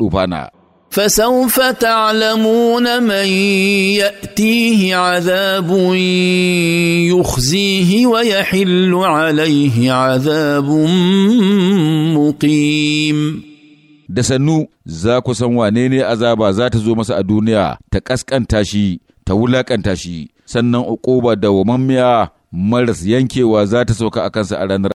dufana. فسوف تعلمون من ياتيه عذاب يخزيه hilu alayhi عذاب مقيم da sannu za ku san wane ne azaba za ta zo masa a duniya ta ƙasƙanta shi ta wulaƙanta shi sannan uquba da wamammiya maras yankewa za ta sauka a kansa a ranar